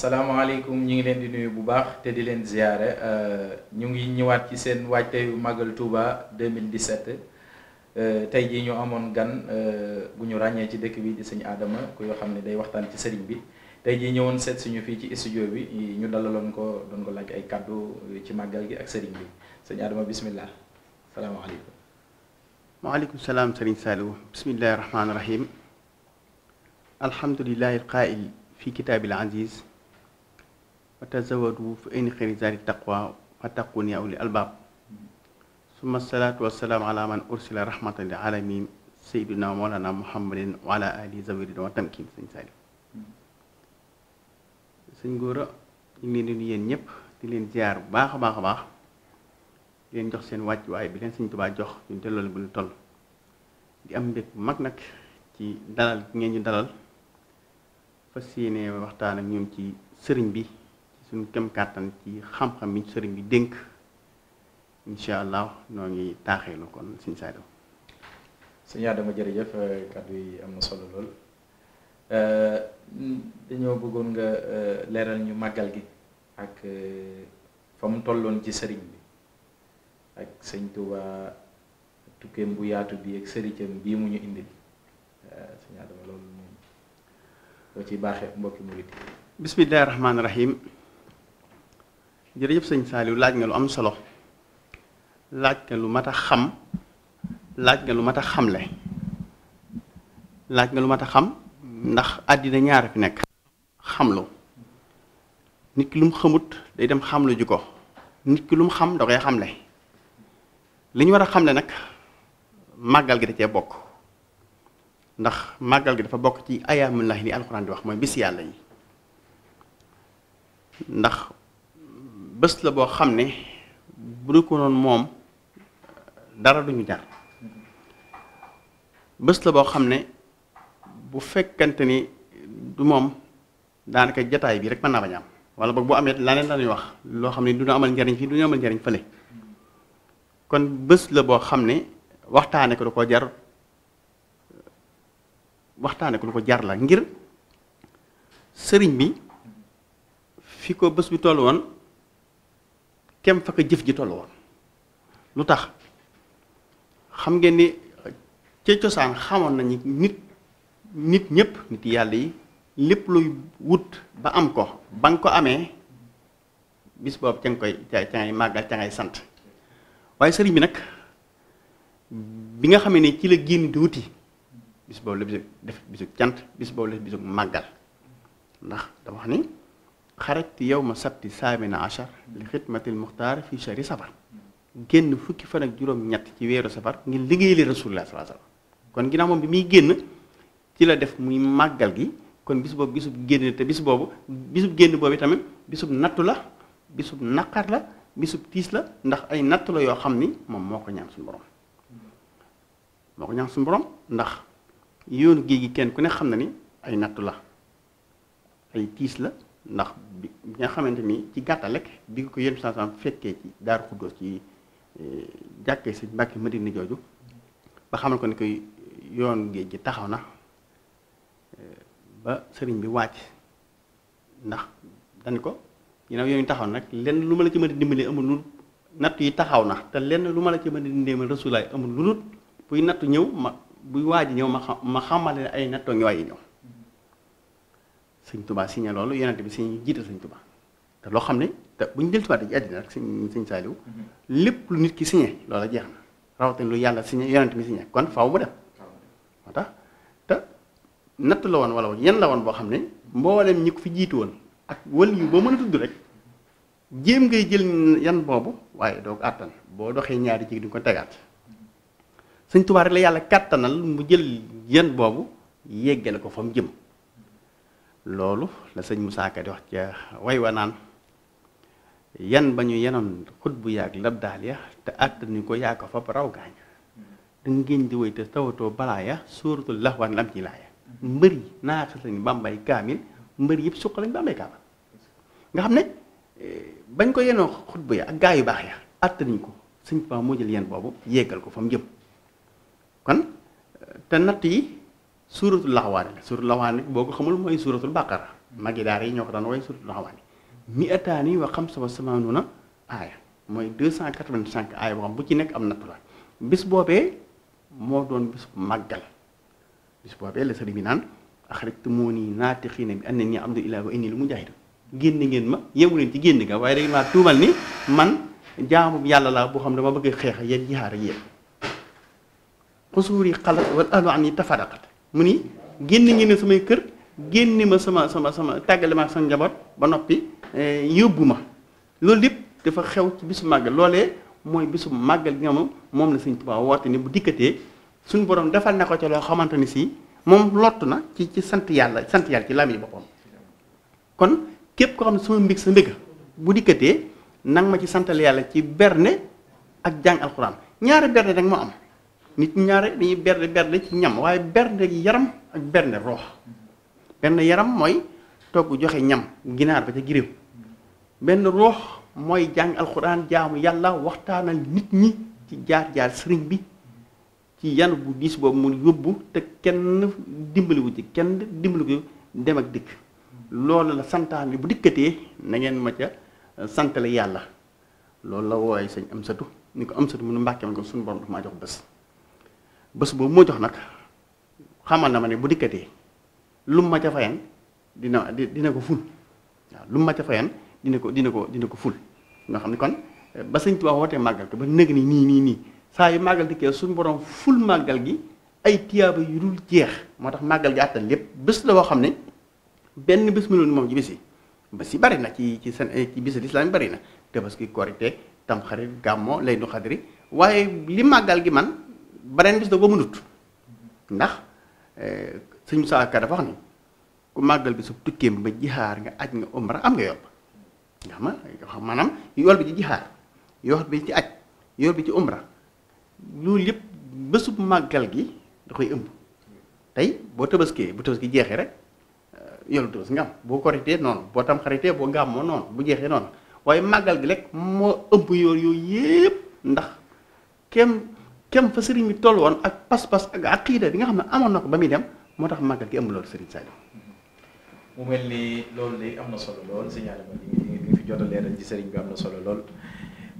salaamaaleykum ñu ngi leen di nuyu bu baax te di leen ziyaare euh, ñu ngi ñëwaat ci seen waajtayu màggal Touba 2017 euh, tey jii ñu amoon gan euh, bu ñu ràññee ci dëkk bi di sëñ Adama ku yoo xam ne day waxtaan ci sëriñ bi tey jii ñëwoon seet suñu fii ci studio bi ñu dalaloon ko doon ko laaj ay kàddu ci màggal gi ak sëriñ bi sëñ Adama bismillah salaamaaleykum. maaleykum salaam sëriñ Saliou bismillahi rahmaani rahim alhamdulilahi alqail fi kitaabil aziz wa tazawadu fa in xëri zaati taqwa fatakun yaa uli albaab summa salaatu wasalaamu ala man ursila rahmatan lil alamin sayyidina mawlana muhammadin wa ala alihi zawiri wa tamkin sëñ Saliou sëñ Gora ñu ngi leen di yéen ñëpp di leen ziar bu baax a baax a baax di leen jox seen wàccuwaay bi leen sëñ Tuubaa jox ñu delloo bu ñu toll di am mbég mag nag ci dalal ngeen ñu dalal fas yéene waxtaan ñoom ci sëriñ bi. suñu kem kàttan ci xam-xam yi sëriñ bi dénk incha allah noo ngi taaxee lu kon suñu saa dama. suñu Adama jërëjëf kàddu yi am na solo lool dañoo bëggoon nga eh, leeral ñu màggal gi ak eh, fa mu tolloon ci sëriñ bi ak sëñ Touba tukkeem bu yaatu bi ak sëriñam bii mu ñu indil eh, suñu Adama loolu moom boo ci baaxee mbokki murit bismillahi rahmaani rahim yëpp sëñ Saliou laaj nga lu am solo laaj nga lu mat a xam laaj nga lu mat a xamle laaj nga lu mat a xam ndax àddina ñaar a fi nekk xam lu nit ki lu mu xamut day dem xamlu ji ko nit ki lu mu xam da koy xamle li ñu war a xam xamle nag màggal gi da cee bokk ndax màggal gi dafa bokk ci ayaamullahi li alxuraan di wax mooy bis yàlla yi ndax bés la boo xam ne bu ñu ko noon moom dara duñu jar bés la boo xam ne bu fekkante ni du moom daanaka jataay bi rek mën naa bañ am wala boog boo amee laneen la wax loo xam ne du ñu amal njariñ fii du ñu amal njariñ fële kon bës la boo xam ne waxtaane ko lu ko jar waxtaane ko lu ko jar la ngir sëriñ bi fi ko bés bi toll woon kem fa ko jëf ji toll woon lu tax xam ngeen ni ca cosaan xamoon nañu nit nit ñëpp nit yàlla yi lépp luy wut ba am ko ba nga ko amee bis boobu ca nga koy ca ngay màggal ca ay sant waaye sëriñ bi nag bi nga xamee ne ci la génn di wuti bis boobu la bisu def bisu cant bis boobu la bisu màggal ndax dama wax ni yow ma sabti saamina achar li xidmatil muxtaar fii chari safar génn fukki fan ak juróom-ñett ci weeru safar ngir liggéeyal rasulullah salaa sallam kon ginnaaw moom bi muy génn ci la def muy màggal gi kon bis boobu bisub génn te bis boobu bisub génn boobu tamit bisub nattu la bisub naqar la bisub tiis la ndax ay nattu la yoo xam ni moom moo ko ñaan su borom moo ko ñaan borom ndax yoonu géej gi kenn ku ne xam na ni ay nattu la ay tiis la ndax bi nga xamante ni ci gàttal rek bi ko yéen sansam fekkee ci Daaru Xuddoos ci eh, jàkkee sëñ Mbàkke Madina jooju ba xamal ko ni koy yoon géej gi taxaw na eh, ba sëriñ bi wàcc ndax dañ ko ginnaaw yooyu taxaw nag lenn lu ma la ci mën a dimbalee amul lu natt yi taxaw na te lenn lu ma la ci mën a dimbalee amul lu dul buy nattu ñëw ma buy waaj ñëw ma xam ma xamale ay nattoo ñooy ñëw sëñ tubaa signé loolu yonente bi signé jiital sëñ tubaa te loo xam ne te bu ñu dellusiwaatee ci àddina rek sëñ sëñ saaliw mm-hmm. lépp lu nit ki signé loola jeex na rawatina lu yàlla signé yonente bi signé kon faw mu dem te natt la woon wala yan la woon boo xam ne mboolem ñi ko fi jiitu woon ak wël yu boo mën a tudd rek jéem ngay jël yan boobu waaye doo àttan boo doxee ñaari jig di ko tegaat sëñ tubaa rek la yàlla kàttanal mu jël yan boobu yeggale ko fa mu loolu la sëñ Moussa Ka di wax ca way wa naan yan ba ñu yenoon xut bu yàgg lab daal ya te àttani ko yaa ko fab raw gaañ da ngeen di woy te tawatoo balaa ya suuratul laxwaan lam ci laaya mbër yi naaxi lañ bàmbay kaamil mbër yëpp suq lañ bàmbay kaamil nga xam ne eh, bañ ko yenoo xut bu ak gaa yu baax ya àttaniñ ko sëñ Tuubaa moo jël yen boobu yeggal ko fa mu jëm kon eh, te natt yi suuratul laxawaani la suuratul boo ko xamul mooy suuratul bàqara magi daara ñoo ko daan woy suuratul laxawaani mi ataani wa xam sama samaanuna aaya mooy cent 285 aaya boo xam bu ci nekk am nattu la bis boobee moo doon bis màggal bis boobee la sëriñ bi naan axrajtumuuni naatixiina bi annanii abdu ilaahi wa innii mujaahid génn ngeen ma yemu leen ci génn nga waaye da maa tuumal ni man jaamu yàlla laa boo xam ne dama bëgg xeex ak yéen jihaar ak yéen xusuuri xalat wal alwaani tafaraqat mu ni génn ngi samay kër génn ma sama sama sama tàggale ma sama njaboot ba noppi eh, yóbbu ma loolu lépp dafa xew ci bisu màggal loole mooy bisu màggal gi nga moom moom la Sëñ Tuubaa woote ni bu dikkatee suñu borom defal na ko ca loo xamante ni si moom lott na ci ci sant yàlla sant yàlla ci lam yi boppam kon képp koo xam ne sama mbig sa mbéga bu dikkatee nang ma ci santal yàlla ci berne ak jàng alxuraan ñaari berne rek moo am nit ñaare dañuy berde berde ci ñam waaye berde yaram ak berde roox benn yaram mooy togg joxe ñam ginaar ba ca giriw benn roox mooy jàng alxuraan jaamu yàlla waxtaanal nit ñi ci jaar-jaar sëriñ bi ci yan bu diis boobu mu yóbbu te kenn dimbaliwu ci kenn dimbaliwu dem ak dikk loolu la santaan bi bu dikkatee na ngeen ma ca santale yàlla loolu la wooye sañ am satu ni ko am satu mu nu mbàkke ma ko suñu borom daf maa jox bés bés boobu moo jox nag xamal na ma ne bu dikkatee lu ma ca fayan dina dina ko ful waaw lum ma ca fayan ko dina ko dina ko ful nga xam ne kon eh, ba sëñ Tuubaa wootee màggal ko ba nëg ni nii nii nii saa yu màggal dikkee suñu borom ful màggal gi ay tiyaaba yu dul jeex moo tax màggal gi àttan lépp bés la boo xam ne benn bés mënul moom ci bés yi bés yi bari na ci ci seen eh, ci bési lislaam bari na tabaski korite tamxarit gàmmo lay du xadri waaye li màggal gi man beneen bis da ko mënut ndax eh, sëñ Moussa Ka dafa ni ku màggal bi su tukkeem ba jixaar nga aj nga umra am nga yoon nga xam ne maanaam yool bi ci jixaar yool bi ci aj yool bi ci umra loolu yëpp bésub màggal gi da koy ëmb tey boo tëbëskee bu tabaski jeexee rek eh, yool bu tabaski nga am boo koritee noonu boo tam xaritee boo gàmmoo noonu bu jeexee noonu waaye màggal gi rek moo ëmb yooyu yëpp ndax kenn kem fa sëriñ bi toll woon ak pas-pas ak aqiida bi nga xam ne amoon na ko ba muy dem moo tax màggal gi amul loolu sëriñ Saliou. mu mel ni loolu léegi am na solo lool signalé ma li nga fi jot a leeral ci sëriñ bi am na solo lool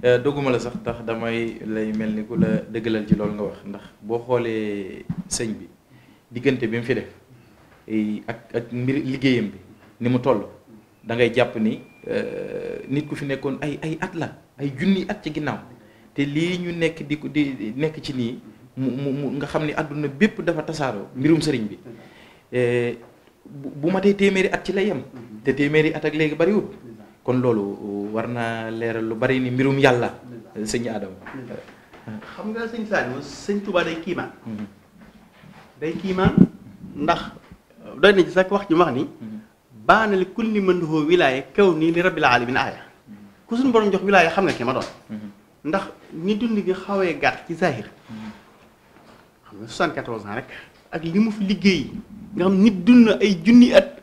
euh, dogguma la sax tax damay lay mel ni ku la dëggalal ci loolu nga wax ndax boo xoolee sëñ bi diggante bi mu fi def ak ak mbir liggéeyam bi ni mu toll da ngay jàpp ni euh, nit ku fi nekkoon ay ay at la ay junni at ci ginnaaw. te lii ñu nekk di di nekk ci nii mu mu nga xam ni àdduna bépp dafa tasaaroo mbirum sëriñ bi eh, bu matee téeméeri at ci lay yam mm-hmm. te téeméeri at ak léegi bariwul mm-hmm. kon loolu uh, war na leeral lu bari ni mbirum yàlla mm-hmm. uh, sëñ Adama xam nga sëñ Saliou sëñ Touba day kiimaan day kiimaan ndax doy na ci wax ñu wax ni baana li kulli man lahu wilaaya kaw nii li rabbil alamin aaya ku suñu borom jox wilaaya xam nga ki ma doon ndax ni dund gi xawee gàtt ci zahir xam ne ak li fi liggéey nga xam nit na ay junni at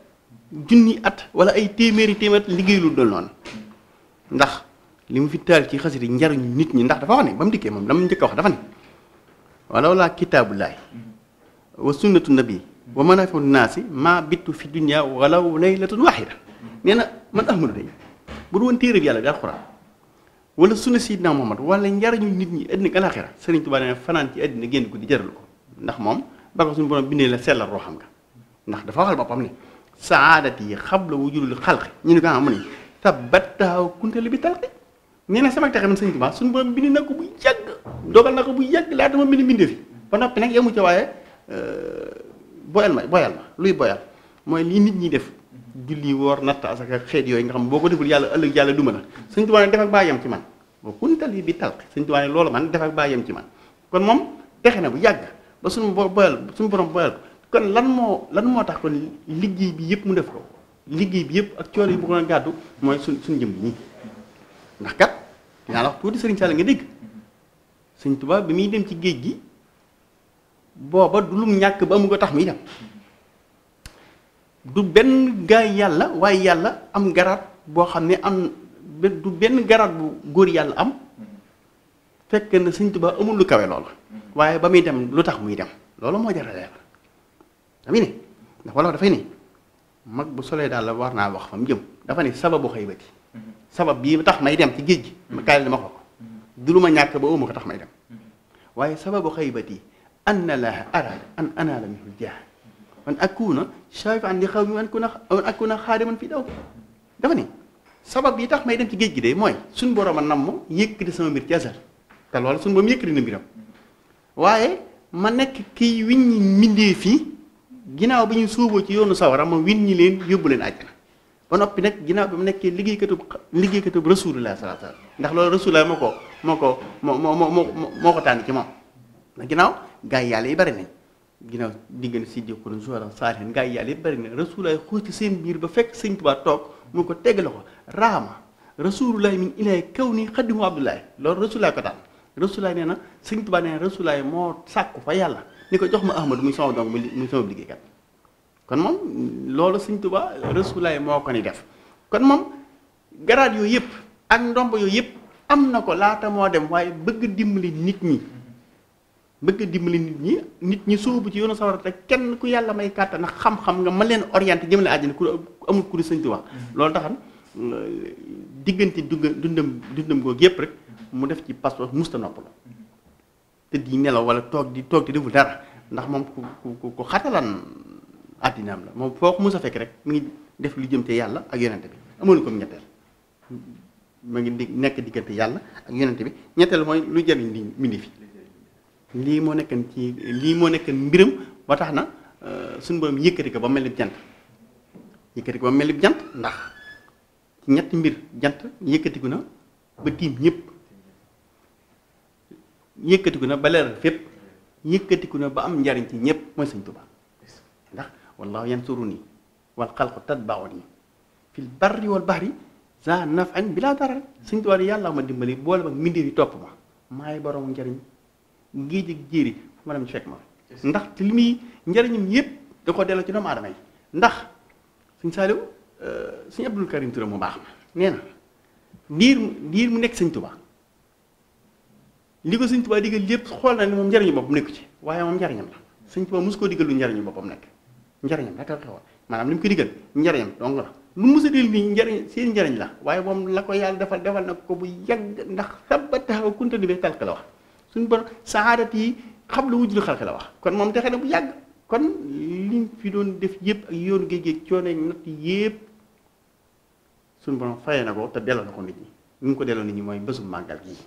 junni at wala ay téeméeri téeméer liggéey lu dul noonu ndax li mu fi taal ci xasida njariñu nit ñi ndax dafa wax ne ba mu dikkee moom la mu njëkk a wax dafa ne walaw laa kitaabullaay wa sunnatu nabi wa manaafiu naasi maa bittu fi dunya walaw laylatun waxida nee na man ahmadu day bu du woon téere bi yàlla bi alxuraan wala sunna Seydina Muhammad wala njariñu nit ñi àddina ak alaxira Sëriñ Tuubaa nee fanaan ci àddina génn ko di jëral ko ndax moom bako suñu borom bindee la sellal roo xam nga ndax dafa waxal boppam ne saadati yi xabla wujudul xalqi ñu ne ko ah mu ne tabbat taaw kuntali bi talqi nee na sama texe man Sëriñ Tuubaa suñu borom bind na ko bu yàgg dogal na ko bu yàgg laata ma bind bindee ba noppi nag yemu ca waaye euh, boyal ma boyal ma luy boyal mooy lii nit ñi def julli woor natt asaka xeet yooyu nga xam boo ko deful yàlla ëllëg yàlla duma la sëñ Tuubaa ne def ak baayam ci man boo kuntali bi talq sëñ Tuubaa ne loolu man def ak ci man kon moom texe na bu yàgg ba suñu bo boyal suñu borom boyal ko kon lan moo lan moo tax liggéey bi yëpp mu def ko liggéey bi yëpp ak coono yi bu ko doon gàddu suñ suñ jëm nii ndax kat dinaa la nga dégg sëñ bi muy dem ci géej gi booba du ñàkk ba amu tax muy dem du benn gaay yàlla waaye yàlla am garaat boo xam ne am du benn garaat bu góor yàlla am fekk na sëñ Tuubaa amul lu kawe loolu waaye ba muy dem lu tax muy dem loolu moo jar a leer dami ne ndax walla dafay ne mag bu solee daal la war naa wax fa mu jëm dafa ne sababu xëybati sabab bii tax may dem ci géej gi ma kaay dama ko du lu ma ñàkk ba uma ko tax may dem waaye sababu xëybati an na laa araada an anaala minhu jaah an akuna shafi'an li xawmi an kuna an akuna xaadiman fii daw dafa ni sabab yi tax may dem ci géej gi day mooy suñ borom a namm yëkkati sama mbir ci asar te loolu suñ borom yëkkati na mbiram waaye ma nekk kiy wiññi mbindee fii ginnaaw bi ñu suuboo ci yoonu sawara ma win ñi leen yóbbu leen àjjana ba noppi nag ginnaaw bi mu nekkee liggéeykatub liggéeykatub rasulullah sallallahu alayhi wasallam ndax loolu rasulullah moo ko moo ko moo moo moo moo ko tànn ci moom ginnaaw gaa yi yàlla yi bari nañ ginnaaw diggante si dikkon joran saalen ngaa yàlla it bari na rasulullah xóot ci seen biir ba fekk sëñ Tuubaa toog mu ko tegg la ko raama rasulullah min ilay kaw nii xaddimu abdullahi loolu rasulullah ko daan rasulullah nee na sëñ Tuubaa nee na rasulullah moo sàkku fa yàlla ni ko jox ma ahmadu muy sama dong muy sama liggéeykat kon moom loolu sëñ Tuubaa rasulullah moo ko ni def kon moom garaat yooyu yëpp ak ndomb yooyu yëpp am na ko laata moo dem waaye bëgg dimbali nit ñi bëgg a dimbali nit ñi nit ñi sóobu ci yoonu sawara te kenn ku yàlla may kàttan ak xam-xam nga ma leen orienté jëmale àjjana ku amul ku di sëñ Tuubaa mm-hmm. loolu taxan diggante dund dundam dundam googu yëpp rek mu def ci passeport musta nopp la mm-hmm. te di nelaw wala toog di toog di deful dara ndax moom ku ku ku xatalan àddinaam la moom foo mu sa fekk rek mu ngi def lu jëm te yàlla ak yonente bi amoon ko ñetteel mu ngi nekk diggante yàlla ak yonente bi lii moo nekkan ci lii moo nekkan mbiram ba tax na euh, suñ borom yëkkati ko ba mel ni jant yëkkati mel ni jant ndax ci ñetti mbir jant yëkkatiku na ba tiim ñëpp yëkkatiku na ba leeral fépp yëkkatiku na ba am njariñ ci ñëpp mooy Sëñ Tuubaa ndax wallaahu yansuruni wal xalqu tatbauni fil barri wal bahri za naf'an bila darar Sëñ Tuubaa yàlla ma dimbali boole ba mbindeef yi topp ma maay borom njariñ ngiij ak jiiri fu ma dem fekk ma ndax li muy njariñam yëpp da ko delloo ci doomu aadama yi ndax suñ saaliw euh, suñu Abdul Karim Touré mu baax ma nee na diir diir mu nekk sëñ tuba li ko sëñ Tuubaa digal lépp xool na ne moom njariñu boppam ci waaye moom njariñam la sëñ Tuubaa mosu koo njariñu boppam nekk njariñam rek la xewoon maanaam li mu ko digal njariñam dong la lu mu sa dil nii njariñ seen njariñ la waaye moom la ko yàlla defal defal na ko bu yàgg ndax sabba taxaw kunta di bee tàlk la wax suñu borom saxaarat yi xam la wujjul xalxi la wax kon moom texe na bu yàgg kon liñ fi doon def yëpp ak yoonu géej géej coono natt yëpp suñ borom fayee na ko te delloo na ko nit ñu ko delloo nit ñi mooy bésum màggal gii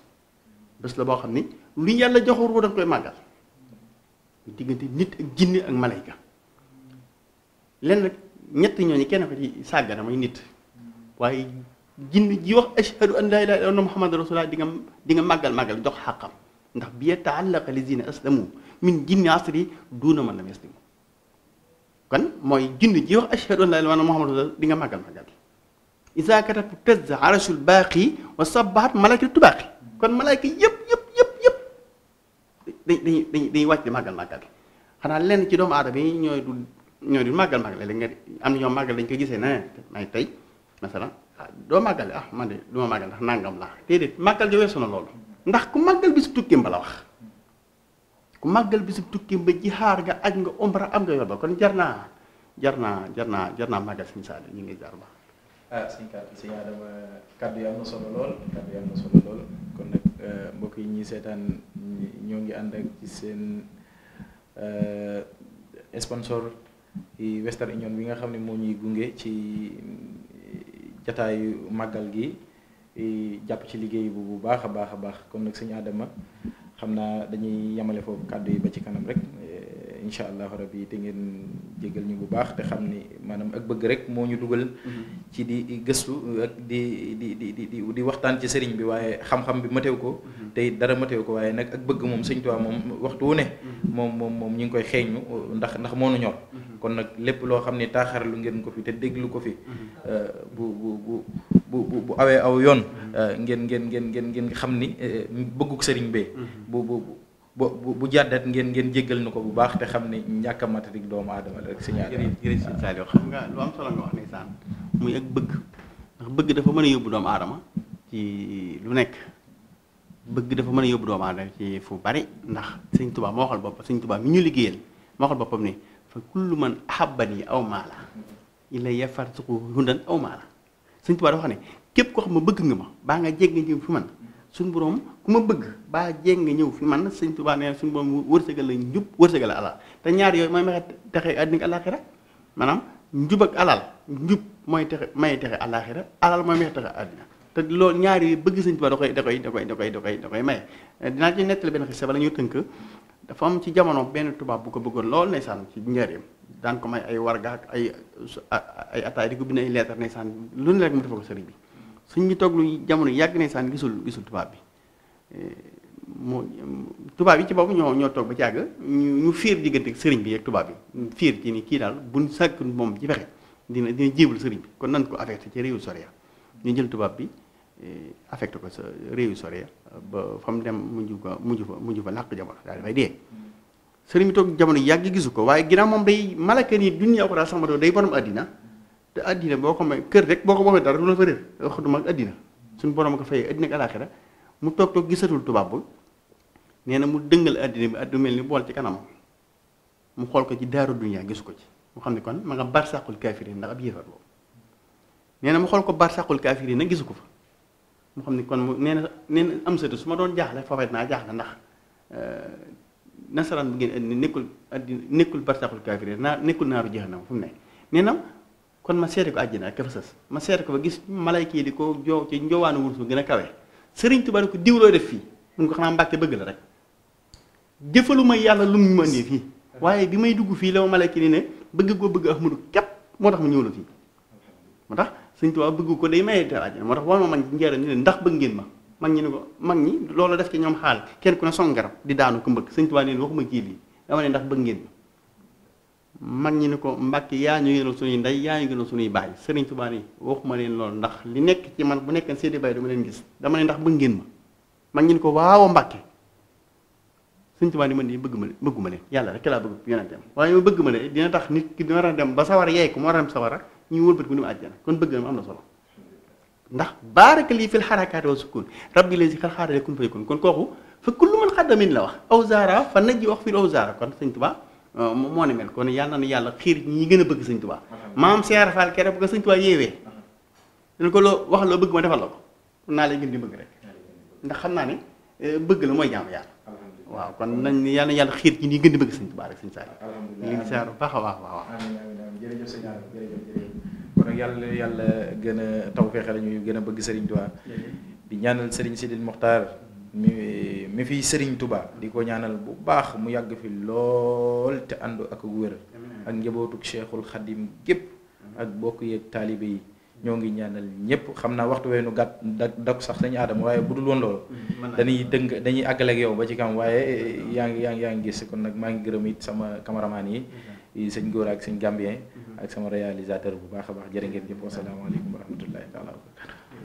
bés la boo xam ni lu yàlla joxu ruu dañ koy màggal diggante ak jinne ak malayka lenn ñett ñooñu kenn ko ci sàggana mooy nit waaye jinne ji wax ashhadu an laa ilaaha illallaah muhammadu rasulullaah di nga di nga màggal màggal jox xàqam ndax bi yata'allaqa lazina aslamu min jinni asri duuna man lam yaslimu kon mooy jinni ji wax ashhadu an laa ilaaha illallah muhammadur rasulullah di nga màggal màggal isa katatu tazz arashul baaqi wa sabbahat malaaka tubaaqi kon malaaka yëpp yëpp yëpp yëpp dañ dañuy wàcc di màggal màggal xanaa lenn ci doomu aadama yi ñooy du ñooy du màggal màggal nga am na ñoom màggal dañ koy gisee na may tey masalan ah, doo màggale ah man de du ma màggal ndax nangam laa jo weesu na loolu ndax ku màggal bisu tukkim ba la wax ku màggal bisu tukkim ba jixaar nga aj nga umra am nga yor ba kon jar naa jar naa jar naa jar naa màggal suñu saali ñu ngi jaar ba ah sëñ kàddu sëñ solo lool kon nag eh, mbokk yi ñuy seetaan ñoo ngi ànd ak ci seen eh, sponsor yi Union bi nga xam ne moo ñuy gunge ci eh, jataayu màggal gi jàpp ci liggéey bu bu baax a baax a baax kon nag sëñ Adama xam naa dañuy yemale foofu kàddu yi ba ci kanam rek eh, incha allahu rabi te ngeen jégal ñu bu baax te xam ni maanaam ak bëgg rek moo ñu dugal. Mm-hmm. ci di gëstu ak di di di di di waxtaan ci sëriñ bi waaye xam-xam bi matew ko. Mm-hmm. te dara matew ko waaye nag ak bëgg moom sëñ Tuubaa moom waxtu wu ne. Mm-hmm. moom moom moom ñu ngi koy xeeñu ndax ndax moo nu ñor. kon nag lépp loo xam ne taaxar lu ngeen ko fi te déglu ko fi mm-hmm. euh, bu bu bu bu bu awee aw yoon euh, ngeen ngeen ngeen ngeen ngeen xam ni euh, bëgguk sëriñ bee mm-hmm. bu jàddat ngeen ngeen jéggal na ko bu baax te xam ne ñàkk a doomu aadama rek signal jërëjëf sëñ xam nga lu am solo nga wax ne saan muy ak bëgg ndax bëgg dafa mën a yóbbu doomu aadama ci lu nekk bëgg dafa man a yóbbu doomu aadama ci fu bari ndax sëñ Tuubaa moo waxal boppam sëñ Tuubaa mi ñu liggéeyal moo waxal boppam ni fa kullu man yi aw maala illa yafartuqu hundan aw maala sëñ Tuubaa dafa wax ne képp koo xam ne bëgg nga ma baa nga jég nga ñëw fi man suñ borom ku ma bëgg baa jég nga ñëw fi man sëñ Tuubaa nee suñ borom wërsëgal la njub wërsëgal la alal te ñaari yooyu mooy maxe texe àddina ak maanaam njub alal njub mooy texe may texe àllaaxira alal mooy maxe texe àddina te loolu ñaar yooyu bëgg sëñ Tuubaa da koy da koy da koy da koy da koy da koy maye dinaa ci nettali benn xisa bala ñu tënk dafa am ci jamono benn tubaab bu ko bëggoon lool nay ndeysaan ci njëriñ daan ko may ay war ak ay ay ataay di ko bind ay leetar ndeysaan lu ne rek mu defal ko sëriñ bi suñ ñu toog lu jamono yàgg nay ndeysaan gisul gisul tubaab bi eh, moo tubaab yi ci boobu ñoo ñoo toog ba ci yàgg ñu fiir diggante ak sëriñ bi ak tubaab bi fiir ci ni kii daal buñ sàkk moom ci fexe dina dina jéebul sëriñ bi kon nan ko affecté ci réew Soria ñu jël tubaab bi affect ko sa réew yu sore ba fa mu dem mujj ko mujj fa mujj fa làq jamono daal di fay dee. sëriñ bi toog jamono yàgg gisu ko waaye ginnaaw moom day malaka ni dunya ko daal sax ma day borom àddina te àddina boo ko may kër rek boo ko boobee dara du fa réer wax duma ak àddina suñu borom mu toog toog gisatul tubaab bi na mu dëngal àddina bi àddina mel ni bool ci kanam mu xool ko ci daaru dunya gisu ko ci mu xam ne kon ma nga barsàqul kaafiriin ndax ab yéefar boobu nee na mu xool ko barsàqul kaafiriin nag gisu ko fa. mu xam ni kon mu nee na nee am sëtu su ma doon jaaxle foofee naa jaaxle ndax euh, nasaraan bu ngeen indi nekkul addi nekkul barsaxul kaafir naa nekkul naaru jahannam fu mu nekk nee na kon ma seete ko àjjana naa kafa sës ma seete ko ba gis malayka yi di ko joow ci njoowaanu wurus gën a kawe sëriñ Tuubaa ne ko diwloo def fii mun ko xanaa mbàkke bëgg la rek jëfaluma yàlla lum ñu ma indee fii waaye bi may dugg fii la ma malayka yi ne bëgg koo bëgg ahmadu képp moo tax mu ñëw la fii moo tax sëñ Tuubaa bëgg ko day maye àjjana moo tax ma mag ñi njëriñ ndax bëgg ngeen ma ñi ni ko mag ñi loolu def ci ñoom xaal kenn ku ne di daanu ko mbëgg sëñ Tuubaa neen waxuma kii lii dama ne bëgg ngeen mag ñi ni ko mbàkki yaa ñu gënal suñuy ndey yaa ñu gënal suñuy baay sëriñ Tuubaa ni waxuma leen loolu ndax li nekk ci man bu nekk seedi bay dama leen gis dama ndax bëgg ngeen ma mag ko waaw mbàkke sëñ Tuubaa ni man di bëgg ma bëgguma leen yàlla rek laa bëgg waaye ma bëgg ma leen dina tax nit ki dina war a dem ba sawar yeeku ko war a dem sawara ñu wëlbati ba ni mu àjjana kon bëgg na ma am na solo ndax baaraka lii fil xarakaati wa sukun rabbi lazi xal xaarale kun fayakun kon kooku fa kullu man xaddamin la wax aw zaara fa najji wax fil aw zaara kon sëñ Tuubaa euh, moo ne mel kon yàlla yàlla xiir ñi gën bëgg sëñ Tuubaa maam Seex Faal kere bu ko sëñ Tuubaa yeewee dañ ko loo wax loo bëgg ma defal la ko naa lay gën bëgg rek ndax xam naa ni euh, bëgg la mooy jaamu yàlla waaw kon nañ ni yàlla yàlla xiir ci ñi gën di bëgg sëñ Tuubaa rek sëñ Saaliw ñu ngi siyaar bu baax a baax waaw amiin amiin jërëjëf sëñ Aaliw jërëjëf jërëjëf kon nag yàlla yàlla gën a taw feexal ñu gën a bëgg sëriñ Tuubaa di ñaanal sëriñ Sidil Muxtaar mi mi fi sëriñ Tuubaa di ko ñaanal bu baax mu yàgg fi lool te ànd ak wér ak njabootuk Cheikhul Xadim gépp ak bokk yeeg taalibe yi ñoo ngi ñaanal ñëpp xam naa waxtu weenu nu gàtt da dakk sax dañu aadama waaye bu dul woon loolu mm-hmm. dañuy dëng dañuy àggale ak yow ba ci kam waaye eh, yaa ngi yaa ngi yaa ngi gis kon nag maa ngi gërëm it sama cameraman mm-hmm. yi sëñ góor ak sëñ gambien mm-hmm. ak sama réalisateur bu baax a baax jërë ngeen jëf wasalaamaaleykum wa rahmatullahi taala wa barakatu